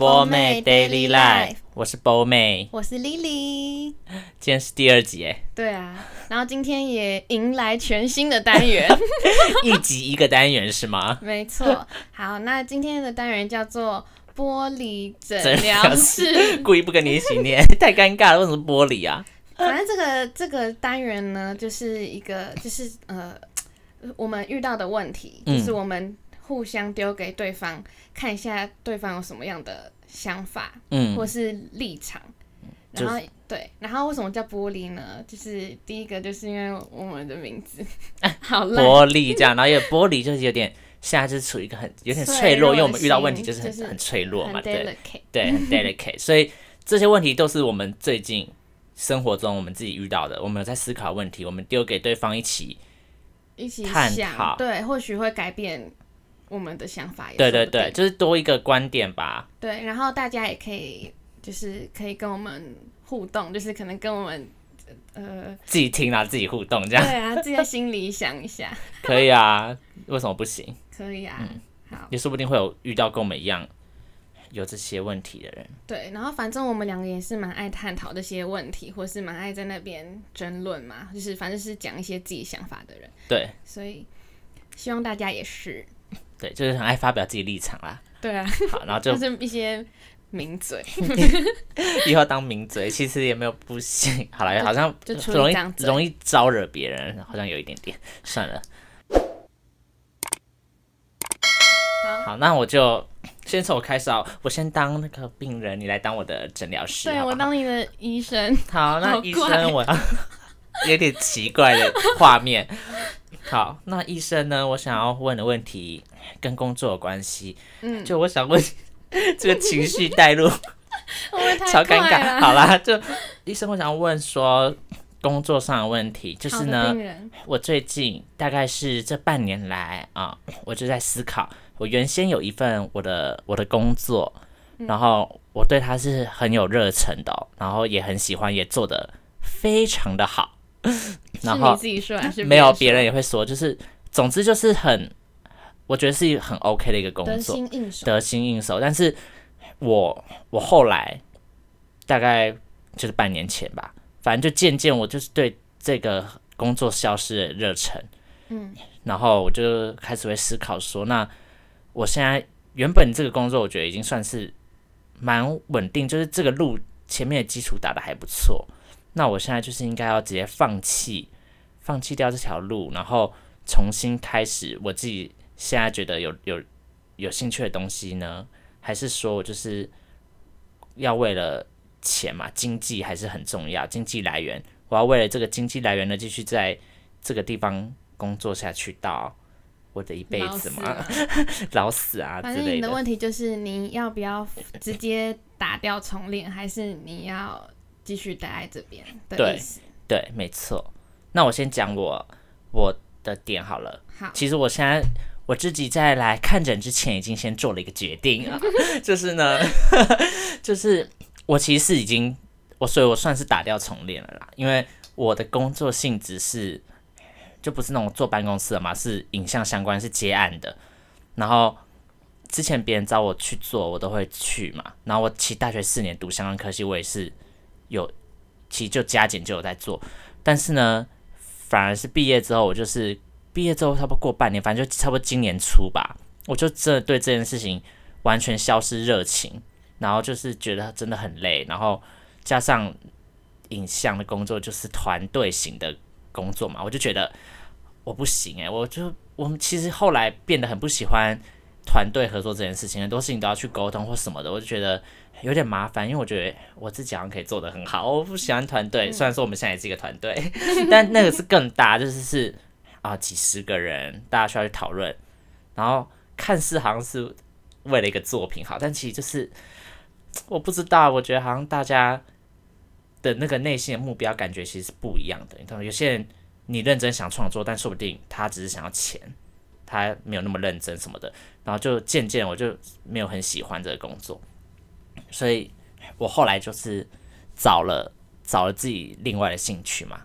波妹米，Daily Life，我是波妹，我是 Lily。今天是第二集，哎，對啊，然後今天也迎來全新的單元， 一集一個單元是嗎？ 沒錯。好，那今天的單元叫做玻璃診療室， 故意不跟你一起念，太尷尬了。為什麼玻璃啊？ 反正這個這個單元呢，就是一個就是呃，我們遇到的問題，就是我們。嗯互相丟給對方看一下，對方有什麼樣的想法，嗯，或是立場，就然後對，然後為什麼叫玻璃呢？就是第一個，就是因為我們的名字，好 玻璃這樣， 然後因為玻璃就是有點，現在就是處於一個很有點脆弱，對因為我們遇到問題就是很弱就是很脆弱嘛，del 對，對，很 delicate，所以這些問題都是我們最近生活中我們自己遇到的， 我們有在思考問題，我們丟給對方一起一起探討，對，或許會改變。我們的想法也是對對對，就是多一個觀點吧。對，然後大家也可以就是可以跟我們互動，就是可能跟我們呃自己聽啊，自己互動這樣。對啊，自己在心裡想一下。 可以啊， 為什麼不行？可以啊，嗯、好，你說不定會有遇到跟我們一樣有這些問題的人。對，然後反正我們兩個也是蠻愛探討這些問題，或是蠻愛在那邊爭論嘛，就是反正是講一些自己想法的人。對，所以希望大家也是。對，就是很愛發表自己立場啦。對啊，好，然後就就是一些名嘴， 以後當名嘴其實也沒有不行。好了，好像就容易容易招惹別人，好像有一點點，算了。好,好，那我就先從我開始啊。我先當那個病人，你來當我的診療師。對，好好我當你的醫生。好，那醫生我怪 有點奇怪的畫面。 好，那醫生呢？我想要問的問題跟工作有關係。嗯，就我想問 這個情緒帶入，超尷、 啊、尬。好啦，就醫生，我想要問說工作上的問題，就是呢，我最近大概是這半年來啊，我就在思考，我原先有一份我的我的工作，嗯、然後我對他是很有熱忱的，然後也很喜歡，也做得非常的好。 然後，沒有別人也會說，就是總之就是很，我覺得是很 OK 的一個工作，得心應手。但是我我後來大概就是半年前吧，反正就漸漸我就是對這個工作消失的熱忱。嗯，然後我就開始會思考說，那我現在原本這個工作，我覺得已經算是蠻穩定，就是這個路前面的基礎打得還不錯。那我現在就是應該要直接放棄，放棄掉這條路，然後重新開始我自己現在覺得有有有興趣的東西呢，還是說我就是要為了錢嘛？經濟還是很重要，經濟來源，我要為了這個經濟來源呢，繼續在這個地方工作下去到我的一輩子嘛，老死， 老死啊之類的。反正你的問題就是你要不要直接打掉重練， 還是你要？繼續待在這邊，對對，沒錯。那我先講我我的點好了。好，其實我現在我自己在來看診之前，已經先做了一個決定啊， 就是呢， 就是我其實是已經我，所以我算是打掉重練了啦。因為我的工作性質是，就不是那種坐辦公室的嘛，是影像相關，是接案的。然後之前別人找我去做，我都會去嘛。然後我其實大學四年讀相關科系，我也是。有，其實就加減就有在做，但是呢，反而是畢業之後，我就是畢業之後差不多過半年，反正就差不多今年初吧，我就真的對這件事情完全消失熱情，然後就是覺得真的很累，然後加上影像的工作就是團隊型的工作嘛，我就覺得我不行誒、欸，我就我們其實後來變得很不喜歡。團隊合作這件事情，很多事情都要去溝通或什麼的，我就覺得有點麻煩。因為我覺得我自己好像可以做得很好，我不喜歡團隊。雖然說我們現在也是一個團隊，但那個是更大，就是是啊，幾十個人，大家需要去討論，然後看似好像是為了一個作品好，但其實就是我不知道。我覺得好像大家的那個內心的目標感覺其實是不一樣的。你懂嗎？有些人你認真想創作，但說不定他只是想要錢。他沒有那麼認真什麼的，然後就漸漸我就沒有很喜歡這個工作，所以我後來就是找了找了自己另外的興趣嘛，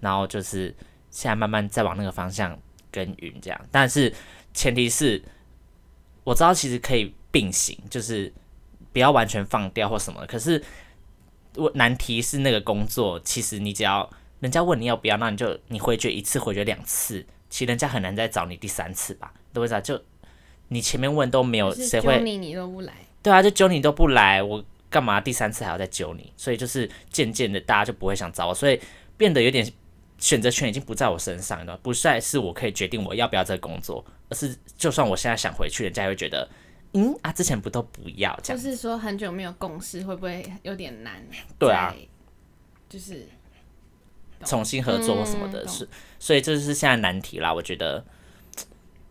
然後就是現在慢慢再往那個方向耕耘這樣。但是前提是我知道其實可以並行，就是不要完全放掉或什麼。可是問難題是那個工作，其實你只要人家問你要不要，那你就你回絕一次，回絕兩次。其實人家很難再找你第三次吧，對吧？就你前面問都沒有誰會，你你都不來，對啊，就揪你都不來，我幹嘛第三次還要再揪你？所以就是漸漸的，大家就不會想找我，所以變得有點選擇權已經不在我身上了，不再是我可以決定我要不要再工作，而是就算我現在想回去，人家也會覺得，嗯啊，之前不都不要這樣？就是說很久沒有共事，會不會有點難？對啊，就是。重新合作或什麼的、嗯、是，所以這就是現在難題啦。我覺得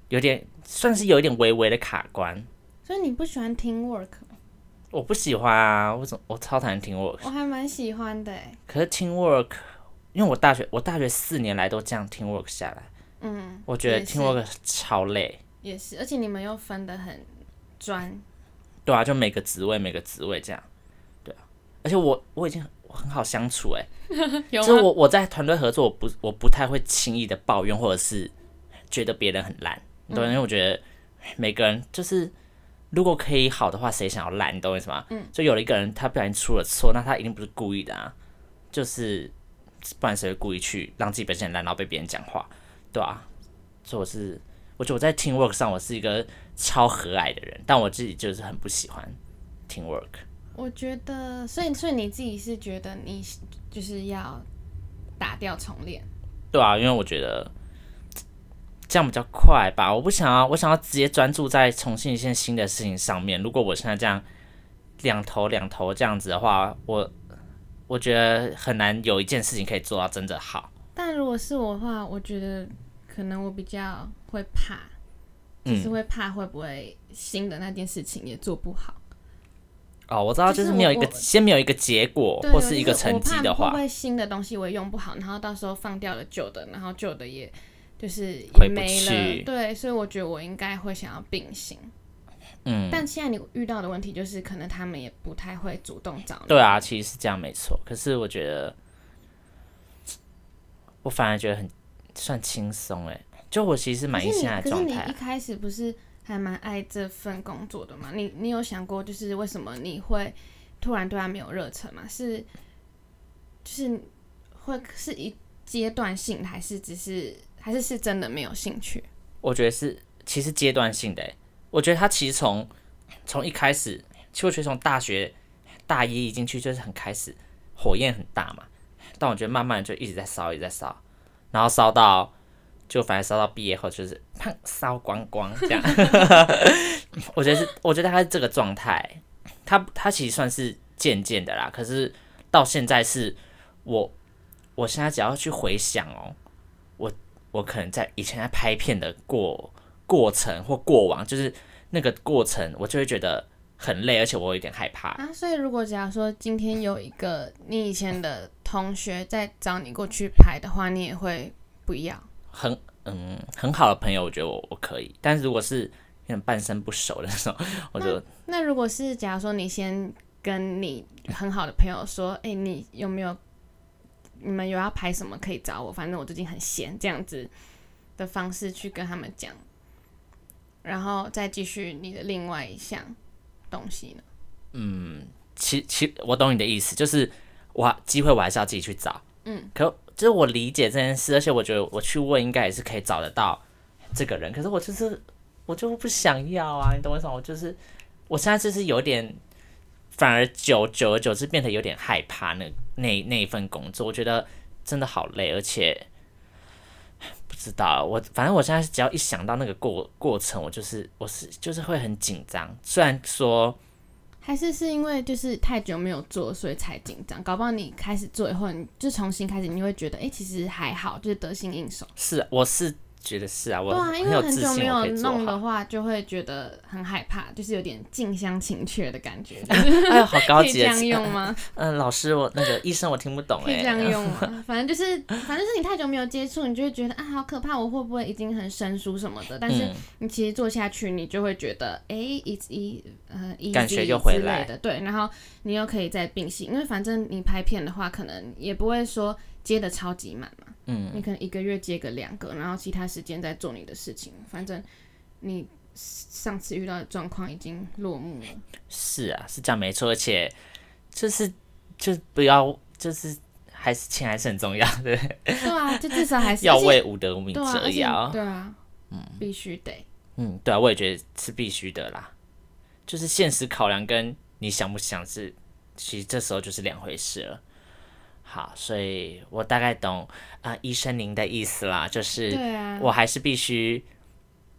有點，算是有一點微微的卡關。所以你不喜歡 teamwork？我不喜歡啊！我怎麼我超討厭 teamwork？我還蠻喜歡的、欸、可是 teamwork，因為我大學我大學四年來都這樣 teamwork 下來。嗯。我覺得 teamwork 是超累。也是，而且你們又分得很專。對啊，就每個職位每個職位這樣。對啊，而且我我已經。我很好相處哎，欸， 嗎就我我在團隊合作，我不我不太會輕易的抱怨，或者是覺得別人很爛，對，嗯、因為我覺得每個人就是如果可以好的話，誰想要爛？你懂我意思嗎？嗯，就有了一個人他不小心出了錯，那他一定不是故意的啊，就是不然誰會故意去讓自己表現爛，然後被別人講話？對啊，所以我是我覺得我在 team work 上，我是一個超和藹的人，但我自己就是很不喜歡 team work。我覺得，所以，所以你自己是覺得你就是要打掉重練？對啊，因為我覺得這樣比較快吧。我不想要，我想要直接專注在重新一件新的事情上面。如果我現在這樣兩頭兩頭這樣子的話，我我覺得很難有一件事情可以做到真的好。但如果是我的話，我覺得可能我比較會怕，就是會怕會不會新的那件事情也做不好。哦，我知道，就是沒有一個先沒有一個結果對或是一個成績的話，因為、就是、新的東西我也用不好，然後到時候放掉了舊的，然後舊的也就是也沒了。對，所以我覺得我應該會想要並行。嗯，但現在你遇到的問題就是，可能他們也不太會主動找你。對啊，其實是這樣沒錯。可是我覺得，我反而覺得很算輕鬆欸，就我其實滿意現在的狀態。可是你，可是你一開始不是？還蠻愛這份工作的嘛？你你有想過，就是為什麼你會突然對他沒有熱忱嗎？是，就是會是一階段性的還是只是，還是是真的沒有興趣？我覺得是，其實階段性的欸。我覺得他其實從從一開始，其實我覺得從大學大一一進去就是很開始火焰很大嘛，但我覺得慢慢就一直在燒，一直在燒，然後燒到。就反正燒到畢業後，就是胖燒光光這樣。 我覺得是，我覺得他是這個狀態。他他其實算是漸漸的啦，可是到現在是，我我現在只要去回想哦、喔，我我可能在以前在拍片的過過程或過往，就是那個過程，我就會覺得很累，而且我有點害怕啊。所以如果假如說今天有一個你以前的同學在找你過去拍的話，你也會不要？很嗯很好的朋友，我覺得我我可以，但是如果是半生不熟的那種，我就那，那如果是假如說，你先跟你很好的朋友說，哎、 欸，你有沒有你們有要拍什麼可以找我，反正我最近很閒，這樣子的方式去跟他們講，然後再繼續你的另外一項東西呢？嗯，其其我懂你的意思，就是我機會我還是要自己去找，嗯，可。就是我理解這件事，而且我覺得我去問應該也是可以找得到這個人。可是我就是我就不想要啊，你懂我意思嗎？我就是我現在就是有點，反而久久而久之變得有點害怕那那那一份工作。我覺得真的好累，而且不知道、啊、我反正我現在只要一想到那個過過程，我就是我、就是就是會很緊張。雖然說。還是是因為就是太久沒有做，所以才緊張。搞不好你開始做以後，你就重新開始，你會覺得，哎，其實還好，就是得心應手。是，我是。覺得是啊，我對啊，因為很久沒有弄的話，就會覺得很害怕，就是有點近鄉情怯的感覺，就是。 哎呦，好高級的 這樣用嗎？嗯，老師，我那個醫生我聽不懂哎，欸。可以這樣用嗎？ 反正就是，反正是你太久沒有接觸，你就會覺得啊，好可怕，我會不會已經很生疏什麼的？但是你其實做下去，你就會覺得，哎，嗯，一、欸 e, 呃，感覺就回來的。對，然後你又可以再並行，因為反正你拍片的話，可能也不會說。接的超級慢嘛，嗯，你可能一個月接個兩個，然後其他時間再做你的事情。反正你上次遇到的狀況已經落幕了。是啊，是這樣沒錯，而且是就是就是不要就是還是錢還是很重要，對不對？對啊，就至少還是 要為無德無名折腰。啊。對啊，嗯，必須得。嗯，對啊，我也覺得是必須的啦。就是現實考量跟你想不想是，其實這時候就是兩回事了。好，所以我大概懂啊，呃，醫生您的意思啦，就是對啊。我還是必須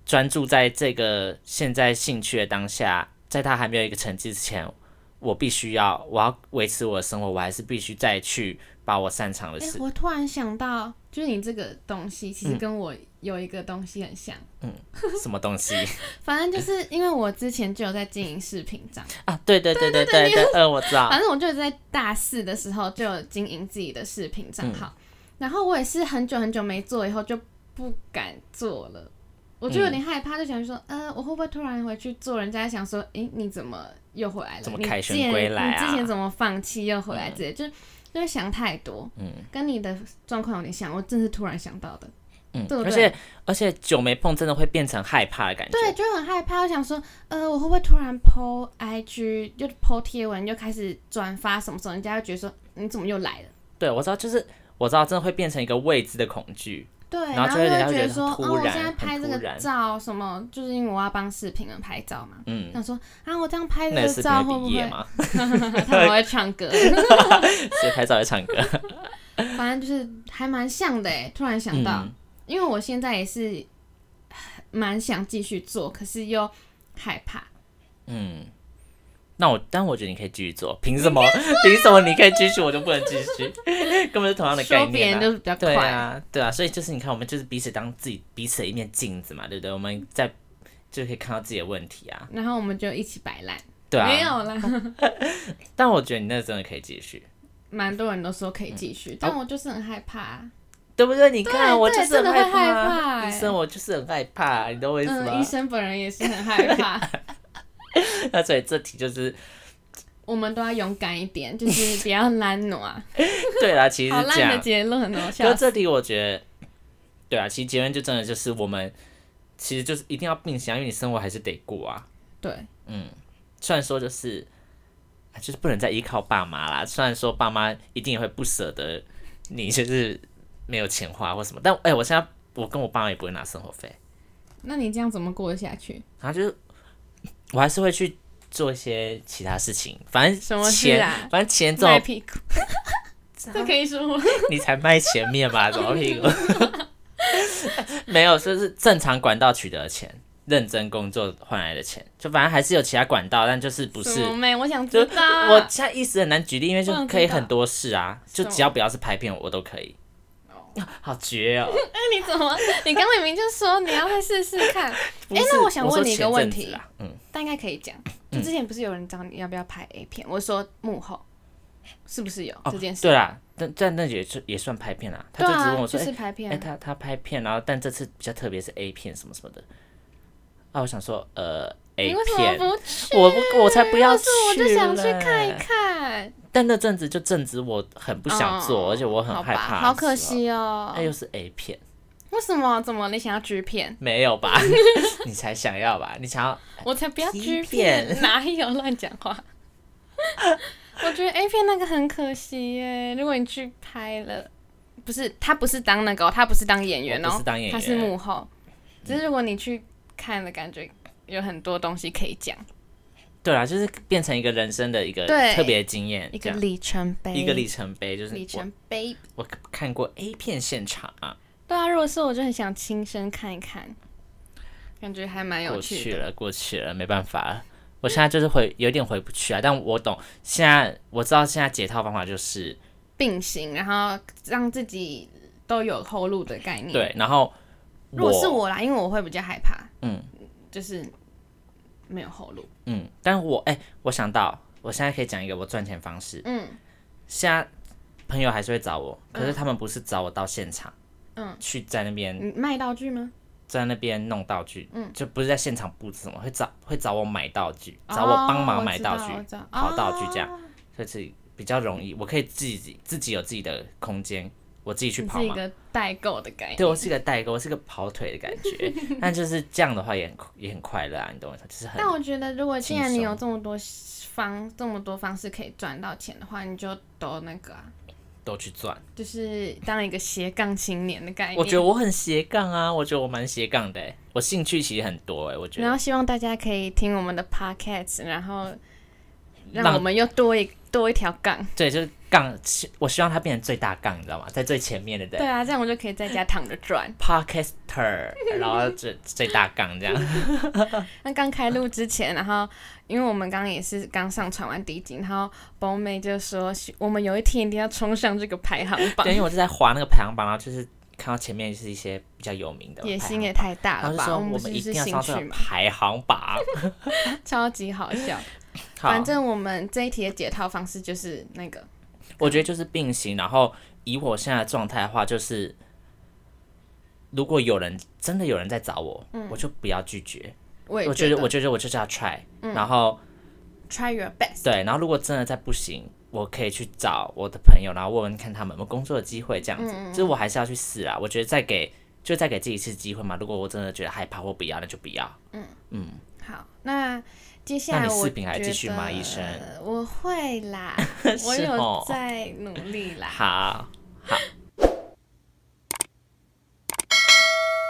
專注在這個現在興趣的當下，在他還沒有一個成績之前，我必須要我要維持我的生活，我還是必須再去把我擅長的事。欸，我突然想到，就是你這個東西，其實跟我。嗯。有一個東西很像，嗯，什麼東西？ 反正就是因為我之前就有在經營視頻賬號啊，對對對對對很對，對,對、嗯，我知道。反正我就在大四的時候就有經營自己的視頻賬號，嗯、然後我也是很久很久沒做，以後就不敢做了，我就有點害怕，就想說，嗯、呃，我會不會突然回去做？人家想說，哎、欸，你怎麼又回來了？怎麼凱旋歸來啊、你之前你之前怎麼放棄又回來？直接、嗯、就就是想太多，嗯，跟你的狀況有點像。我真是突然想到的。嗯，而且而且久沒碰，真的會變成害怕的感覺。對，就很害怕。我想說，呃，我會不會突然 Po IG，又 Po 貼文，又開始轉發什麼什麼？人家就覺得說，你怎麼又來了？對我知道，就是我知道，真的會變成一個未知的恐懼。對，然後就會覺得說，哦，我現在拍這個照，什麼？就是因為我要幫視頻人拍照嘛。嗯。想說啊，我這樣拍這個照會不會？他們會唱歌。拍照會唱歌。反正就是還蠻像的誒，突然想到。因為我現在也是蠻想繼續做，可是又害怕。嗯，那我，但我覺得你可以繼續做，憑什麼？憑、啊、什麼你可以繼續，我就不能繼續？根本是同樣的概念。別人就是比較快啊，對啊，所以就是你看，我們就是彼此當自己彼此的一面鏡子嘛，對不對？我們在就可以看到自己的問題啊。然後我們就一起擺爛。對啊，沒有啦。 但我覺得你那個真的可以繼續。蠻多人都說可以繼續，嗯、但我就是很害怕、啊。對不對？你看，我就是很害怕醫、欸、生，我就是很害怕，你懂我意思嗎、嗯？醫生本人也是很害怕。 那所以這題就是，我們都要勇敢一點，就是不要懶惰。 對啦，其實好爛的結論哦。所以這題我覺得，對啊，其實結論就真的就是我們，其實就是一定要並行、啊，因為你生活還是得過啊。對，嗯，雖然說就是，就是不能再依靠爸媽了。雖然說爸媽一定也會不捨得你，就是。沒有錢花或什麼，但哎、欸，我現在我跟我爸媽也不會拿生活費，那你這樣怎麼過得下去？然後、啊、就是，我還是會去做一些其他事情，反正錢，什麼啊、反正錢這種，賣屁股，這可以說嗎？你才賣前面吧，賣屁股， 沒有，就是正常管道取得的錢，認真工作換來的錢，就反正還是有其他管道，但就是不是。妹，我想知道，我現在意思很難舉例，因為就可以很多事啊，就只要不要是拍片，我都可以。好絕哦！那你怎麼？你剛明明就說你要去試試看。哎，那我想問你一個問題，嗯，大概可以講。嗯、就之前不是有人找你要不要拍 A 片，我說幕後是不是有，哦、這件事？對啊。但但那也是也算拍片啦。欸、對啊，就是拍片。欸、他，他他拍片，然後但這次比較特別是 A 片什麼什麼的。啊，我想說，呃，A 片，我我才不要去，我就想去看一看。但那陣子就正值我很不想做，而且我很害怕，好可惜哦。那又是 A 片，為什麼？怎麼你想要 G 片沒有吧？你才想要吧？你想要？我才不要 G 片，哪有亂講話？我覺得 A 片那個很可惜耶。如果你去拍了，不是他不是當那個，他不是當演員哦，他是幕後。只是如果你去。看的感覺有很多東西可以講，對啊，就是變成一個人生的一個特別經驗，一個里程碑，一個里程碑就是里程碑。我看過 A 片現場啊，對啊，如果是我就很想親身看一看，感覺還蠻有趣的。過去了，過去了，沒辦法，我現在就是回有點回不去啊。但我懂，現在我知道現在解套方法就是並行，然後讓自己都有後路的概念。對，然後。如果是我啦，因為我會比較害怕，嗯，就是沒有後路，嗯。但我哎，我想到我現在可以講一個我賺錢方式，嗯。現在朋友還是會找我，可是他們不是找我到現場，嗯，去在那邊賣道具嗎？在那邊弄道具，嗯，就不是在現場布置什麼，會找會找我買道具，找我幫忙買道具，跑道具這樣，所以是比較容易，我可以自己自己有自己的空間。我自己去跑是一個代購的感覺。對，我是一個代購，我是一個跑腿的感覺。 但就是這樣的話也，也很也很快樂啊，你懂我意思？就是很，但我覺得，如果既然你有這麼多方這麼多方式可以賺到錢的話，你就都那個啊，都去賺。就是當一個斜槓青年的概念。我覺得我很斜槓啊，我覺得我蠻斜槓的、欸。我興趣其實很多哎、欸，我覺得。然後希望大家可以聽我們的 podcasts，然後讓我們又多一讓多一條槓。對，就是。槓，我希望它變成最大槓，你知道嗎？在最前面，對不對？對啊，這樣我就可以在家躺着轉。Podcaster，然後最 最大槓這樣。 那剛開錄之前，然後因為我們剛剛也是剛上傳完第一集，然後寶妹就說，我們有一天一定要衝上這個排行榜。對，因為我就在滑那個排行榜，然後就是看到前面就是一些比較有名的，野心也太大了吧？就說嗯、我們就是興趣一定要上上排行榜。 超級好笑，好，反正我們這一題的解套方式就是那個。我覺得就是並行，然後以我現在的狀態的話，就是如果有人真的有人在找我，嗯，我就不要拒絕。我也覺得，我覺得，我覺得我就要 try，嗯，然後 try your best。對，然後如果真的再不行，我可以去找我的朋友，然後問問看他們有沒有工作的機會，這樣子。嗯嗯嗯，就是我還是要去試啊，我覺得再給就再給自己一次機會嘛。如果我真的覺得害怕或不要，那就不要。嗯嗯，嗯，好，那。接下來我會繼續罵醫生。我會啦，我有在努力啦。好好，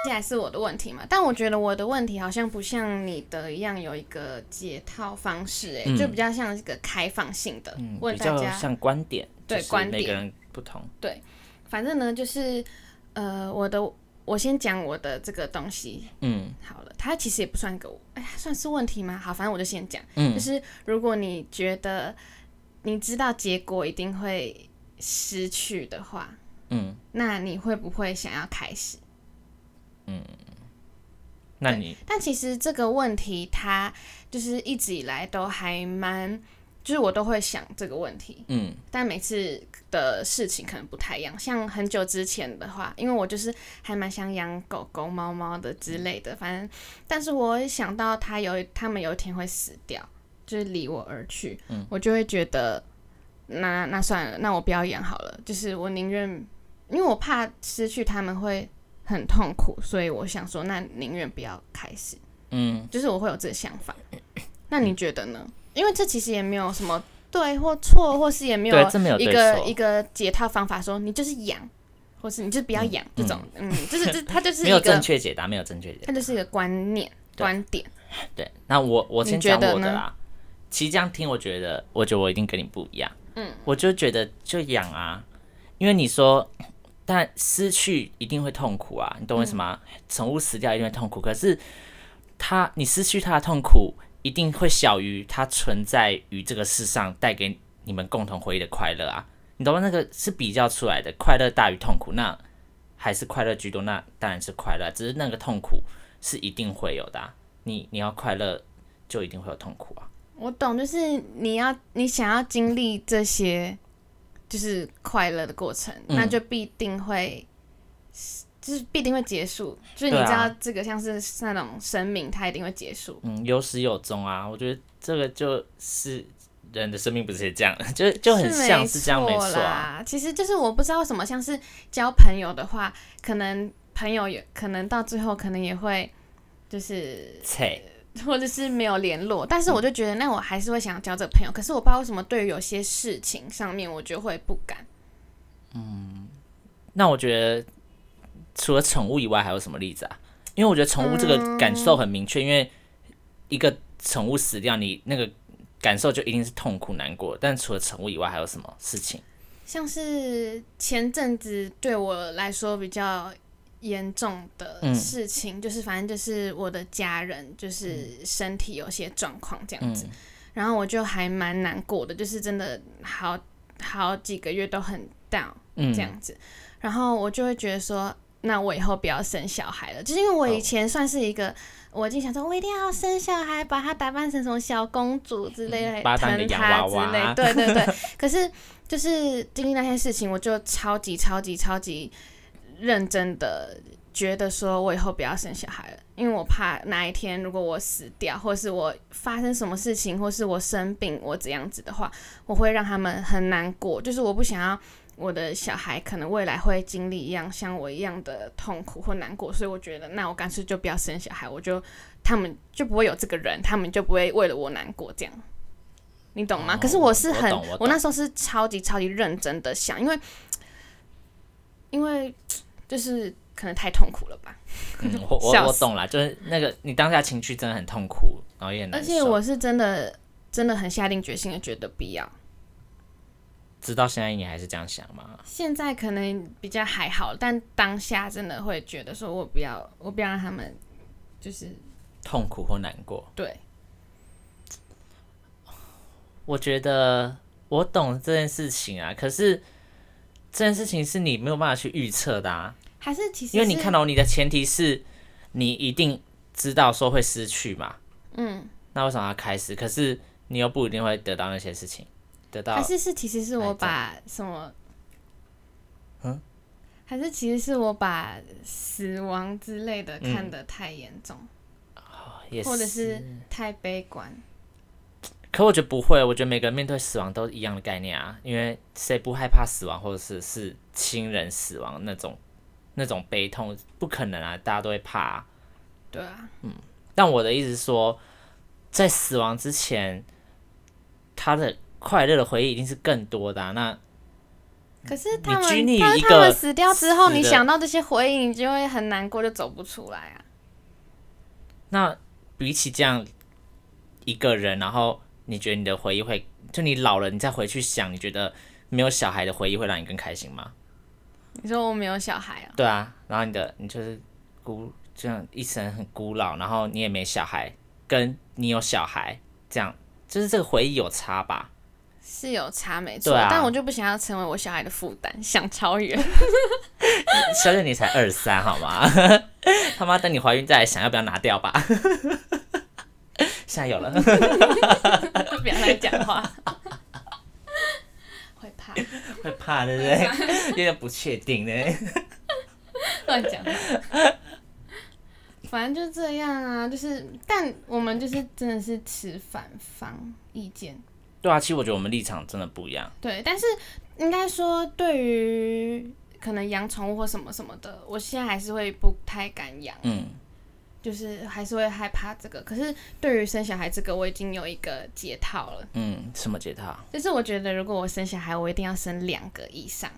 接下來是我的問題嘛？但我覺得我的問題好像不像你的一樣有一個解套方式，欸，就比較像一個開放性的，比較像觀點，對，每個人不同。對，反正呢，就是呃，我的。我先講我的這個東西，嗯，好了，它其實也不算個我，哎呀，算是問題嗎？好，反正我就先講，嗯，就是如果你覺得你知道結果一定會失去的話，嗯，那你會不會想要開始？嗯嗯，那你？但其實這個問題，它就是一直以來都還蠻。就是我都會想這個問題，嗯，但每次的事情可能不太一樣。像很久之前的話，因為我就是還蠻想養狗狗、貓貓的之類的，反正，但是我一想到它有，它們有一天會死掉，就是離我而去，嗯，我就會覺得，那那算了，那我不要養好了。就是我寧願，因為我怕失去它們會很痛苦，所以我想說，那寧願不要開始，嗯，就是我會有這個想法。嗯，那你覺得呢？因為這其實也沒有什麼對或錯，或是也沒有一個一個解套方法，說你就是養，或是你就是不要養這種嗯，嗯，嗯，就是這它就是 沒有正確解答，沒有正確解答，它就是一個觀念對觀點。對，那我我先講我的啦。其實這樣聽，我覺得，我覺得我一定跟你不一樣。嗯，我就覺得就養啊，因為你說，但失去一定會痛苦啊，你懂為什麼、啊？寵、嗯、物死掉一定會痛苦，可是它你失去它的痛苦，一定會小於它存在於這個世上帶給你們共同回憶的快樂啊！你懂那個是比較出來的，快樂大於痛苦，那還是快樂居多，那當然是快樂。只是那個痛苦是一定會有的啊，你你要快樂，就一定會有痛苦啊！我懂，就是你要你想要經歷這些，就是快樂的過程，嗯，那就必定會。就是必定會結束，就是你知道這個像是那種生命，啊、它一定會結束。嗯，有始有終啊，我覺得這個就是人的生命不是也這樣，就就很像是這樣沒錯、啊。其實就是我不知道什麼，像是交朋友的話，可能朋友也可能到最後可能也會就是，或者是沒有聯絡。但是我就覺得，那我還是會想交這個朋友。嗯、可是我不知道為什麼，對於有些事情上面，我就會不敢。嗯，那我覺得。除了寵物以外，還有什麼例子啊？因為我覺得寵物這個感受很明確，嗯、因為一個寵物死掉，你那個感受就一定是痛苦、難過。但除了寵物以外，還有什麼事情？像是前陣子對我來說比較嚴重的事情，、嗯、就是，反正就是我的家人就是身體有些狀況這樣子，嗯、然後我就還蠻難過的，就是真的好好幾個月都很 down 這樣子，嗯、然後我就會覺得說。那我以後不要生小孩了，就是因為我以前算是一個，Oh. 我就想說我一定要生小孩，把她打扮成什麼小公主之類的，洋娃娃之類，對對對。 可是就是經歷那些事情，我就超級超級超級認真的覺得說，我以後不要生小孩了，因為我怕哪一天如果我死掉，或是我發生什麼事情，或是我生病，我怎樣子的話，我會讓他們很難過，就是我不想要。我的小孩可能未來會經歷一樣像我一樣的痛苦或難過，所以我覺得那我乾脆就不要生小孩，我就他們就不會有這個人，他們就不會為了我難過，這樣你懂嗎？哦、可是我是很，我，我，我那時候是超級超級認真的想，因為因為就是可能太痛苦了吧？嗯、我我， 笑了我懂了，就是那個你當下情緒真的很痛苦，然後也難過，而且我是真的真的很下定決心的覺得必要。直到現在，你還是這樣想嗎？現在可能比較還好，但當下真的會覺得說，我不要，我不要讓他們就是痛苦或難過。對，我覺得我懂這件事情啊，可是這件事情是你沒有辦法去預測的啊，還是其實是因為你看到你的前提是你一定知道說會失去嘛，嗯，那為什麼要開始？可是你又不一定會得到那些事情。得到還是是，其實是我把什麼？嗯，還是其實是我把死亡之類的看得太嚴重、嗯、或者是太悲觀。可我覺得不會，我覺得每個人面對死亡都一樣的概念啊，因為誰不害怕死亡，或者是是親人死亡那種那種悲痛，不可能啊，大家都會怕。對啊，嗯。但我的意思是說，在死亡之前，他的。快樂的回憶一定是更多的啊。那可是他們，他們死掉之後，你想到這些回憶，你就會很難過，就走不出來啊。那比起這樣一個人，然後你覺得你的回憶會，就你老了，你再回去想，你覺得沒有小孩的回憶會讓你更開心嗎？你說我沒有小孩啊？對啊，然後你的你就是孤，這樣一生很孤老，然後你也沒小孩，跟你有小孩這樣，就是這個回憶有差吧？是有差沒錯，啊、但我就不想要成為我小孩的負擔，想超越。小姐，你才二三好嗎？ 他媽等你懷孕再來想要不要拿掉吧？ 現在有了， 不要來講話。 會怕，會怕是是，對不對？有點不確定呢。亂 講。反正就這樣啊，就是，但我們就是真的是持反方意見。對啊，其實我覺得我們立場真的不一樣。對，但是應該說，對於可能養寵物或什麼什麼的，我現在還是會不太敢養。嗯，就是還是會害怕這個。可是對於生小孩這個，我已經有一個解套了。嗯，什麼解套？就是我覺得如果我生小孩，我一定要生兩個以上。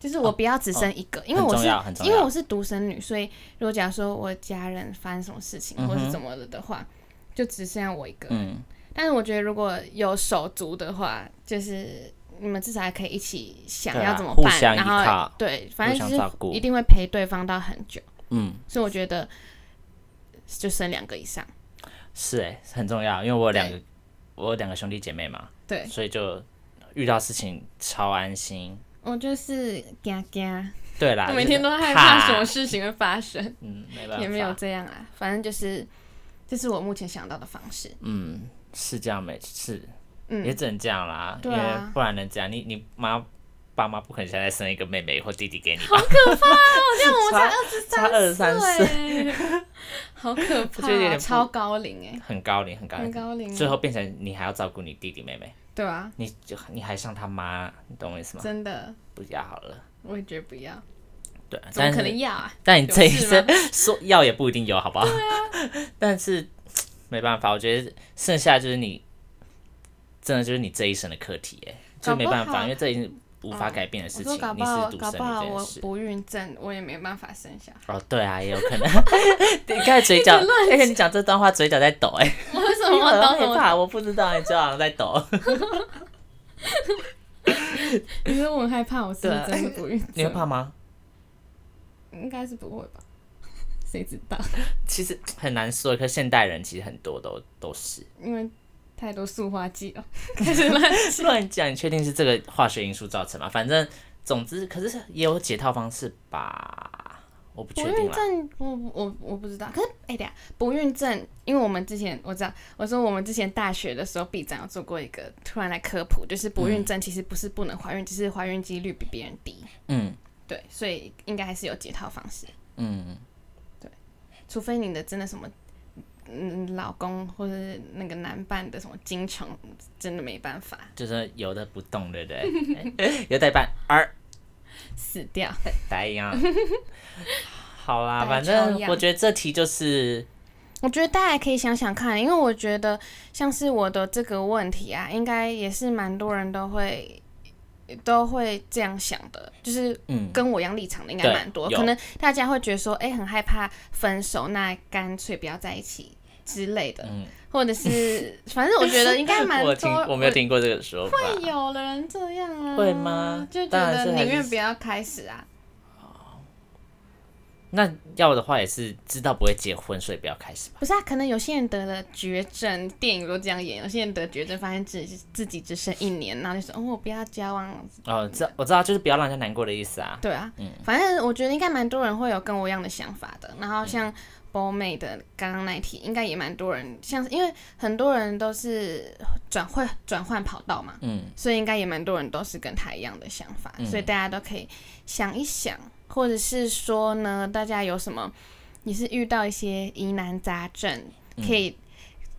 就是我不要只生一個，哦、因為我是、哦、因為我是獨生女，所以如果假如說我家人發生什麼事情或是怎麼了的話，嗯、哼就只剩下我一個。嗯。但是我覺得如果有手足的話，就是你們至少還可以一起想要怎麼辦，互相然後對，反正就是一定會陪對方到很久。嗯，所以我覺得就生兩個以上是哎、欸、很重要，因為我有兩個對我有兩個兄弟姐妹嘛，對，所以就遇到事情超安心。我就是嘎嘎，嚇嚇對啦， 我每天都害怕什麼事情會發生，嗯，沒也沒有這樣啊，反正就是這是我目前想到的方式，嗯。是這樣，每次也只能這樣啦，因為不然能這樣？你你媽爸媽不肯，現在生一個妹妹或弟弟給你，好可怕啊！我這樣，我才二十三歲，好可怕，超高齡哎，很高齡，很高齡，最後變成你還要照顧你弟弟妹妹，對啊，你就你還像他媽，你懂我意思嗎？真的不要好了，我也覺得不要，對，怎麼可能要啊？但你這一生說要也不一定有，好不好？對啊，但是。沒辦法，我覺得剩下就是你，真的就是你這一生的課題哎，就沒辦法，因為這已經無法改變的事情。啊、你是獨生女，不我不孕症，我也沒辦法生下。哦，對啊，也有可能。 你看嘴角，而且你講、欸、這段話，嘴角在抖哎。我為什麼,我麼？我當時怕，我不知道你嘴角在抖。因 為 我很害怕，我是,是真的不孕。你會怕嗎？應該是不會吧。誰知道？其實很難說，可現代人其實很多都都是因為太多塑化劑了。開始亂亂講，你確定是這個化學因素造成嗎？反正總之，可是也有解套方式吧。我不確定了，我我我不知道。可是哎呀，欸等一下，不孕症，因為我們之前我知道，我說我們之前大學的時候 B 站有做過一個突然來科普，就是不孕症其實不是不能懷孕，嗯、只是懷孕幾率比別人低。嗯，對，所以應該還是有解套方式。嗯。除非你的真的什麼，嗯，老公或者那個男伴的什麼忠誠，真的沒辦法，就是有的不動，對不對？ 欸、有代辦二、啊、死掉，答一樣。好啦、啊，反正我覺得這題就是 樣，我覺得大家可以想想看，因為我覺得像是我的這個問題啊，應該也是蠻多人都會。都會這樣想的，就是跟我一樣立場的應該蠻多。嗯、可能大家會覺得說，哎、欸，很害怕分手，那乾脆不要在一起之類的，嗯、或者是反正我覺得應該蠻多 我。我沒有聽過這個說法。會有的人這樣啊？會嗎？就覺得寧願不要開始啊。那要的話也是知道不會結婚，所以不要開始吧。不是啊，可能有些人得了絕症，電影都這樣演。有些人得了絕症，發現只自己只剩一年，然後就說：“哦、嗯，我不要交往。”哦，我知道，就是不要讓人家難過的意思啊。對啊，嗯，反正我覺得應該蠻多人會有跟我一樣的想法的。然後像博妹的剛剛那一題，應該也蠻多人像是，因為很多人都是轉會轉換跑道嘛，嗯，所以應該也蠻多人都是跟他一樣的想法，嗯、所以大家都可以想一想。或者是說呢，大家有什麼？你是遇到一些疑難雜症，可以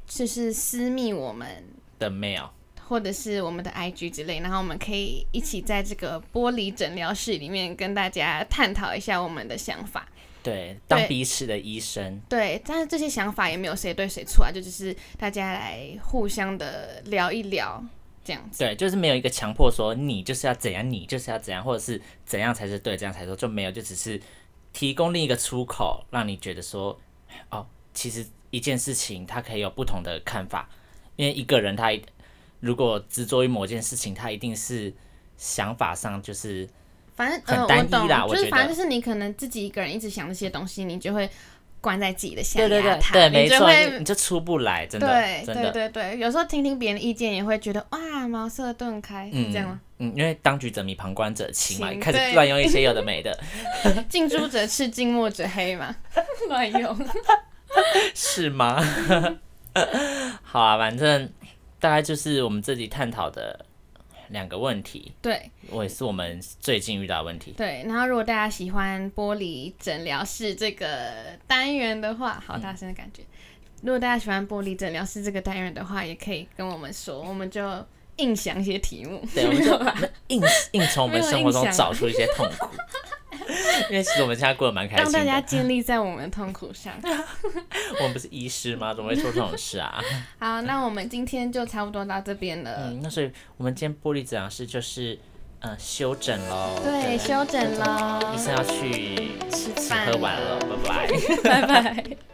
就是私密我們的 mail，嗯，或者是我們的 IG 之類，然後我們可以一起在這個玻璃診療室裡面跟大家探討一下我們的想法。對，對當彼此的醫生。對，但是這些想法也沒有誰對誰錯啊，就只是大家來互相的聊一聊。這樣子對，就是沒有一個強迫說你就是要怎樣，你就是要怎樣，或者是怎樣才是對，這樣才說，就沒有，就只是提供另一個出口，讓你覺得說，哦，其實一件事情它可以有不同的看法，因為一個人他如果執着於某件事情，他一定是想法上就是反正很單一啦。我覺得，反正、呃、就是、反正是你可能自己一個人一直想這些東西，你就會。關在自己的象牙塔，對對對，對沒錯，你就出不來，真的。對，對，對，對，對的，對，對，有時候聽聽別人的意見，也會覺得哇，茅塞頓開，是這樣嗎？嗯？嗯，因為當局者迷，旁觀者清嘛，清開始亂用一些有的沒的。近朱 者赤，近墨者黑嘛，亂 亂用 是嗎？ 好啊，反正大概就是我們自己探討的。兩個問題，對，我也是我們最近遇到的問題，嗯。對，然後如果大家喜歡玻璃診療室這個單元的話，好大聲的感覺。嗯、如果大家喜歡玻璃診療室這個單元的話，也可以跟我們說，我們就硬想一些題目，對，我們就把 硬硬從我們生活中找出一些痛苦。 因為其實我們現在過得蠻開心，讓大家建立在我們的痛苦上。 我們不是醫師嗎？怎麼會說這種事啊？ 好，那我們今天就差不多到這邊了。嗯，那所以我們今天玻璃診療室就是呃休診嘍。對，休診嘍。醫生要去吃飯喝碗了，拜拜， 拜拜。